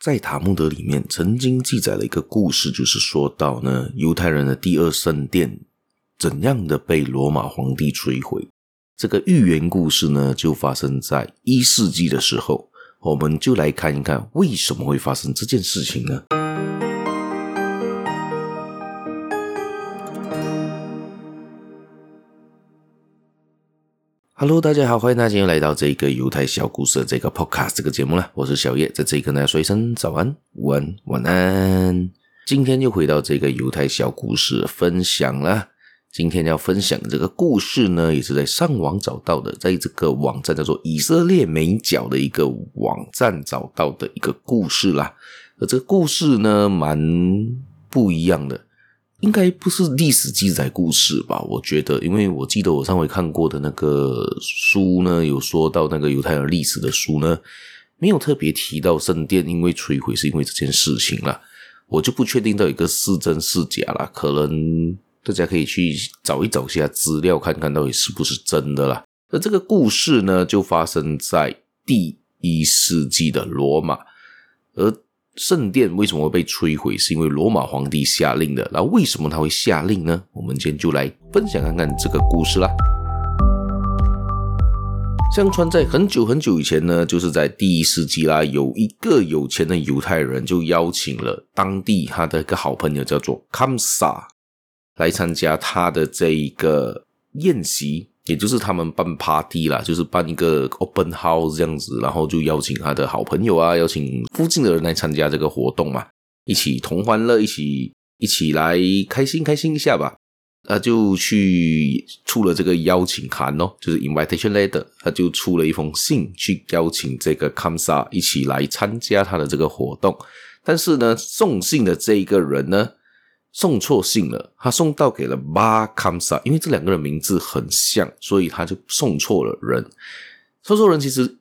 在塔木德裡面曾經記載了一個故事，就是說到呢，猶太人的第二聖殿怎樣的被羅馬皇帝摧毀。這個寓言故事呢，就發生在一世紀的時候，我們就來看一看為什麼會發生這件事情呢？哈嘍，大家好，歡迎大家又來到這個猶太小故事的這個 Podcast 這個節目啦，我是小葉，在這裡跟大家說一聲早安、晚晚安。今天又回到這個猶太小故事分享啦，今天要分享這個故事呢，也是在上網找到的，在這個網站叫做以色列美角的一個網站找到的一個故事啦。而這個故事呢，蠻不一樣的。應該不是歷史記載故事吧？我覺得，因為我記得我上回看過的那個書呢，有說到那個猶太人歷史的書呢，沒有特別提到聖殿因為摧毀是因為這件事情啦。我就不確定到一個是真是假啦，可能大家可以去找一找一下資料，看看到底是不是真的啦。而這個故事呢，就發生在第一世紀的羅馬，而。聖殿為什麼會被摧毀？是因為羅馬皇帝下令的。那為什麼他會下令呢？我們今天就來分享看看這個故事啦。相傳在很久很久以前呢，就是在第一世紀啦，有一個有錢的猶太人，就邀請了當地他的一個好朋友叫做康薩來參加他的這一個宴席。也就是他們辦 party 啦，就是辦一個 open house 這樣子，然後就邀請他的好朋友啊，邀請附近的人來參加這個活動嘛，一起同歡樂，一起一起來開心開心一下吧。他就去出了這個邀請函哦，就是 invitation letter，他就出了一封信去邀請這個 Kamsa 一起來參加他的這個活動。但是呢，送信的這一個人呢？送錯信了，他送到給了巴卡薩，因為這兩個人名字很像，所以他就送錯了人。送錯人其實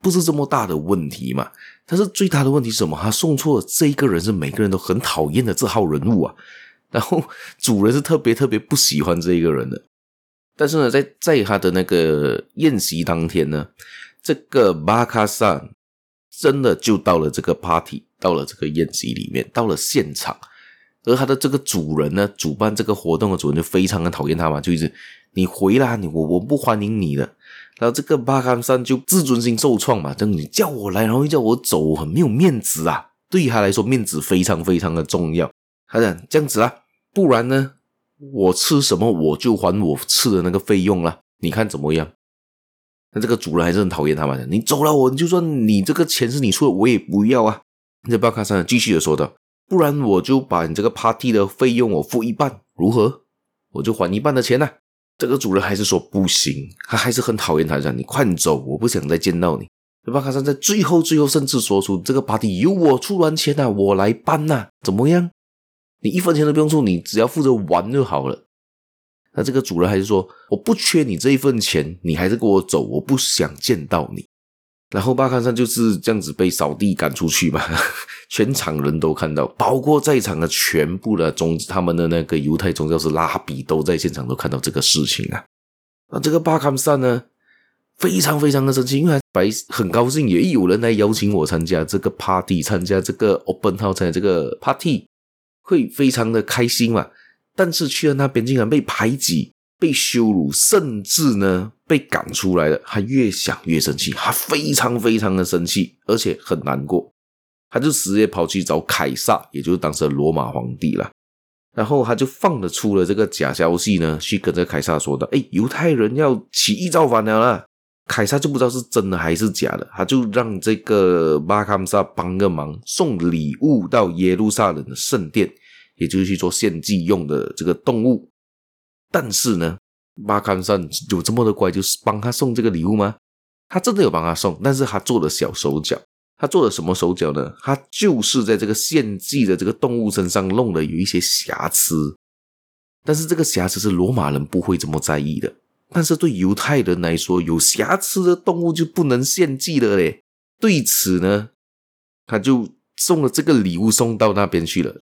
不是這麼大的問題嘛，但是最大的問題是什麼？他送錯了這一個人是每個人都很討厭的這號人物啊。然後主人是特別特別不喜歡這一個人的。但是呢，在在他的那個宴席當天呢，這個巴卡薩真的就到了這個 party，到了這個宴席裡面，到了現場。而他的這個主人呢，主辦這個活動的主人就非常的討厭他嘛，就一直你回來，你我我不歡迎你的。然後這個巴卡山就自尊心受創嘛，叫你叫我來，然後又叫我走，我很沒有面子啊。對他來說，面子非常非常的重要。他講這樣子啊，不然呢，我吃什麼我就還我吃的那個費用了，你看怎麼樣？那這個主人還是很討厭他嘛，你走了，我就算你這個錢是你出的，我也不要啊。那巴卡山繼續的說道。不然我就把你這個 party 的費用我付一半，如何？我就還一半的錢呢、啊？這個主人還是說不行，他還是很討厭卡山。你快走，我不想再見到你。那卡山在最後最後甚至說出這個 party 由我出完錢吶、啊，我來辦吶、啊，怎麼樣？你一分錢都不用出，你只要負責玩就好了。那這個主人還是說我不缺你這一份錢，你還是跟我走，我不想見到你。然後巴卡山就是這樣子被掃地趕出去嘛，全場人都看到，包括在場的全部的宗他們的那個猶太宗教師拉比都在現場都看到這個事情啊。那這個巴卡山呢，非常非常的生氣，因為白很高興，也有人來邀請我參加這個 party，參加這個 open house 這個 party 會非常的開心嘛。但是去了那邊竟然被排擠。被羞辱，甚至呢被趕出來了。他越想越生氣，他非常非常的生氣，而且很難過。他就直接跑去找凱撒，也就是當時的羅馬皇帝啦。然後他就放了出了這個假消息呢，去跟這凱撒說道：“哎，猶太人要起義造反了。”啦。凱撒就不知道是真的還是假的，他就讓這個巴卡姆薩幫個忙，送禮物到耶路撒冷的聖殿，也就是去做獻祭用的這個動物。但是呢，巴堪山有這麼多乖，就是幫他送這個禮物嗎？他真的有幫他送，但是他做了小手腳。他做了什麼手腳呢？他就是在這個獻祭的這個動物身上弄了有一些瑕疵。但是這個瑕疵是羅馬人不會這麼在意的，但是對猶太人來說，有瑕疵的動物就不能獻祭了嘞。對此呢，他就送了這個禮物送到那邊去了。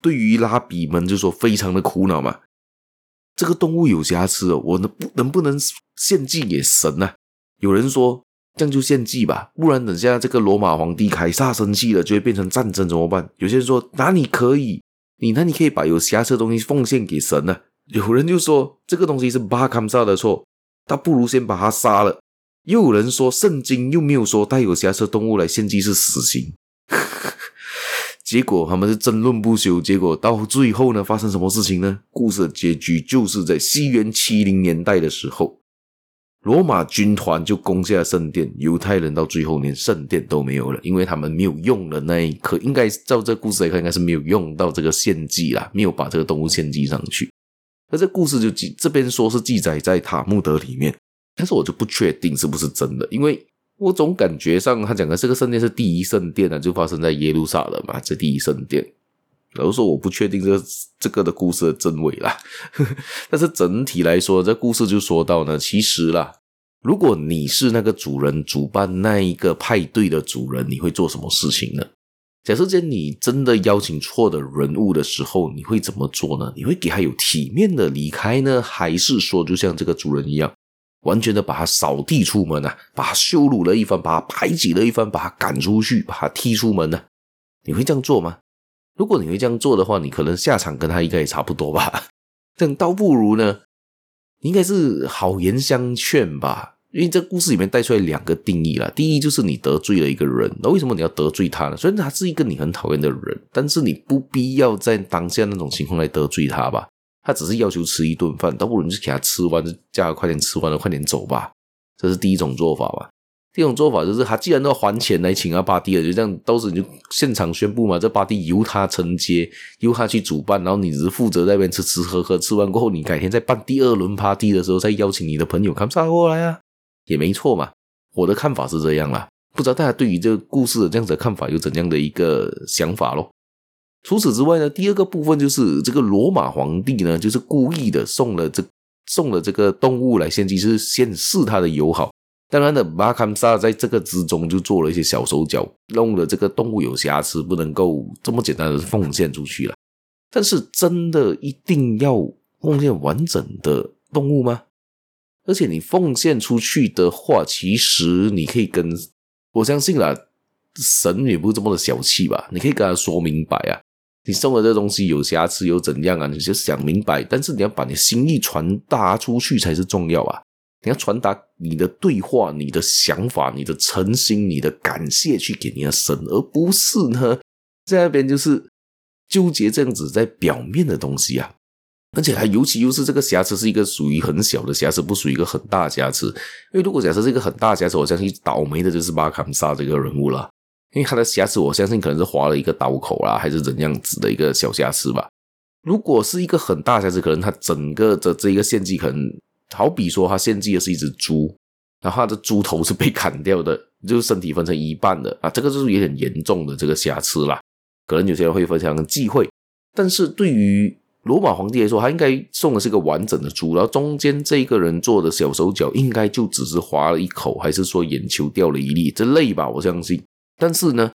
對於拉比們就說非常的苦惱嘛。這個動物有瑕疵哦，我能不能不能獻祭給神呢？有人說，將就獻祭吧，不然等下這個羅馬皇帝凱撒生氣了，就會變成戰爭怎麼辦？有些人說，哪，你可以，你那你可以把有瑕疵的東西奉獻給神呢。有人就說這個東西是巴坎薩的錯，他不如先把他殺了。又有人說，聖經又沒有說帶有瑕疵的動物來獻祭是死刑。結果他們是爭論不休，結果到最後呢，發生什麼事情呢？故事的結局就是在西元七零年代的時候，羅馬軍團就攻下聖殿，猶太人到最後連聖殿都沒有了，因為他們沒有用了。那一刻，應該照這故事來看，應該是沒有用到這個獻祭啦，沒有把這個動物獻祭上去。那這故事就記，這邊說是記載在塔木德裡面，但是我就不確定是不是真的，因為。我總感覺上，他講的這個聖殿是第一聖殿啊，就發生在耶路撒冷嘛，這第一聖殿。然後說，我不確定這個、這個的故事的真偽啦，呵呵，但是整體來說，這個、故事就說到呢，其實啦，如果你是那個主人，主辦那一個派對的主人，你會做什麼事情呢？假設間你真的邀請錯的人物的時候，你會怎麼做呢？你會給他有體面的離開呢，還是說就像這個主人一樣？完全的把他掃地出門啊，把他羞辱了一番，把他排擠了一番，把他趕出去，把他踢出門呢、啊？你會這樣做嗎？如果你會這樣做的話，你可能下場跟他應該也差不多吧。這樣倒不如呢，你應該是好言相勸吧。因為這故事裡面帶出來兩個定義了。第一就是你得罪了一個人，那為什麼你要得罪他呢？雖然他是一個你很討厭的人，但是你不必要在當下那種情況來得罪他吧。他只是要求吃一頓飯，倒不如你去給他吃完，就叫他快點吃完了，快點走吧。這是第一種做法吧。第二種做法就是，他既然都要還錢來請阿巴蒂了，就這樣，到時你就現場宣佈嘛，這巴蒂由他承接，由他去主辦，然後你只是負責在那邊吃吃喝喝。吃完過後，你改天再辦第二輪 party 的時候，再邀請你的朋友 come 過來啊，也沒錯嘛。我的看法是這樣啦。不知道大家對於這個故事的這樣子的看法有怎樣的一個想法咯。除此之外呢，第二個部分就是這個羅馬皇帝呢，就是故意的送了這送了這個動物來獻祭，是顯示他的友好。當然的，馬卡姆薩在這個之中就做了一些小手腳，弄了這個動物有瑕疵，不能夠這麼簡單的奉獻出去了。但是真的一定要奉獻完整的動物嗎？而且你奉獻出去的話，其實你可以跟我相信啦，神也不是這麼的小氣吧？你可以跟他說明白啊。你送的這東西有瑕疵，又怎樣啊？你就想明白，但是你要把你心意傳達出去才是重要啊！你要傳達你的對話、你的想法、你的誠心、你的感謝，去給你的神，而不是呢在那邊就是糾結這樣子在表面的東西啊！而且還尤其又是這個瑕疵是一個屬於很小的瑕疵，不屬於一個很大瑕疵。因為如果假設是一個很大瑕疵，我相信倒霉的就是巴卡姆薩這個人物了。因為它的瑕疵，我相信可能是劃了一個刀口啦，還是怎樣子的一個小瑕疵吧。如果是一個很大瑕疵，可能它整個的這一個獻祭可能好比說，它獻祭的是一只豬，然後它的豬頭是被砍掉的，就是身體分成一半的啊，這個就是也很嚴重的這個瑕疵啦。可能有些人會非常忌諱，但是對於羅馬皇帝來說，他應該送的是一個完整的豬，然後中間這一個人做的小手腳，應該就只是劃了一口，還是說眼球掉了一粒這類吧，我相信。但是呢，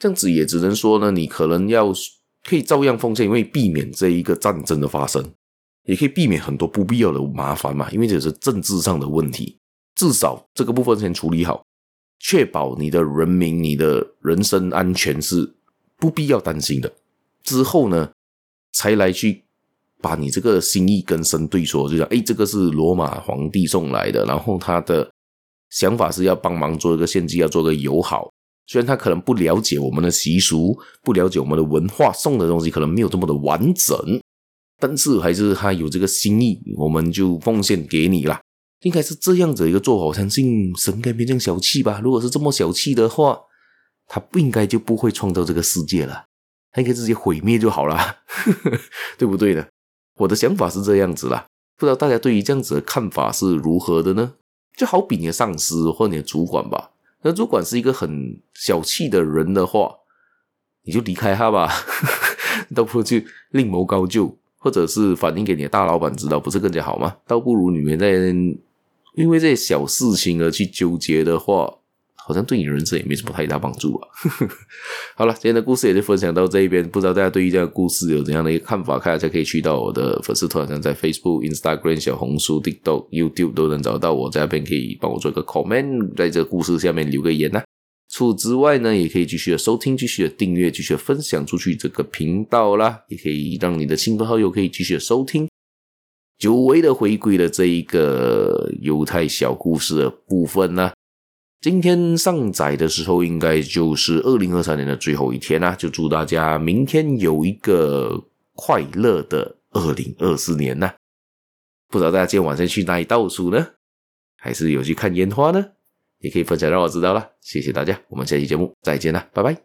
這樣子也只能說呢，你可能要可以照樣奉獻，因為避免這一個戰爭的發生，也可以避免很多不必要的麻煩嘛。因為這是政治上的問題，至少這個部分先處理好，確保你的人民、你的人身安全是不必要擔心的。之後呢，才來去把你這個心意跟神對說，就像哎，這個是羅馬皇帝送來的，然後他的想法是要幫忙做一個獻祭，要做個友好。雖然他可能不了解我們的習俗，不了解我們的文化，送的東西可能沒有這麼的完整，但是還是他有這個心意，我們就奉獻給你啦。應該是這樣子的一個做法，我相信神該沒這麼小氣吧？如果是這麼小氣的話，他不應該就不會創造這個世界了，他應該直接毀滅就好了， 對不對呢？我的想法是這樣子啦，不知道大家對於這樣子的看法是如何的呢？就好比你的上司或你的主管吧。那如果是一個很小氣的人的話，你就離開他吧， 倒不如去另謀高就，或者是反映給你的大老闆知道，不是更加好嗎？倒不如你們在因為這些小事情而去糾結的話。好像對你人生也沒什麼太大幫助啊。 好了，今天的故事也就分享到這一邊。不知道大家對於這樣的故事有怎樣的一個看法？大家可以去到我的粉絲團上，像在 Facebook、Instagram、小紅書、TikTok、YouTube 都能找到我。在那邊可以幫我做一個 comment，在這個故事下面留個言呢、啊。除此之外呢，也可以繼續的收聽，繼續的訂閱，繼續的分享出去這個頻道啦。也可以讓你的親朋好友可以繼續的收聽。久違的回歸了這一個猶太小故事的部分呢、啊。今天上載的時候，應該就是二零二三年的最後一天啦。就祝大家明天有一個快樂的二零二四年吶！不知道大家今天晚上去哪裡倒數呢？還是有去看煙花呢？也可以分享讓我知道啦。謝謝大家，我們下期節目再見啦，拜拜。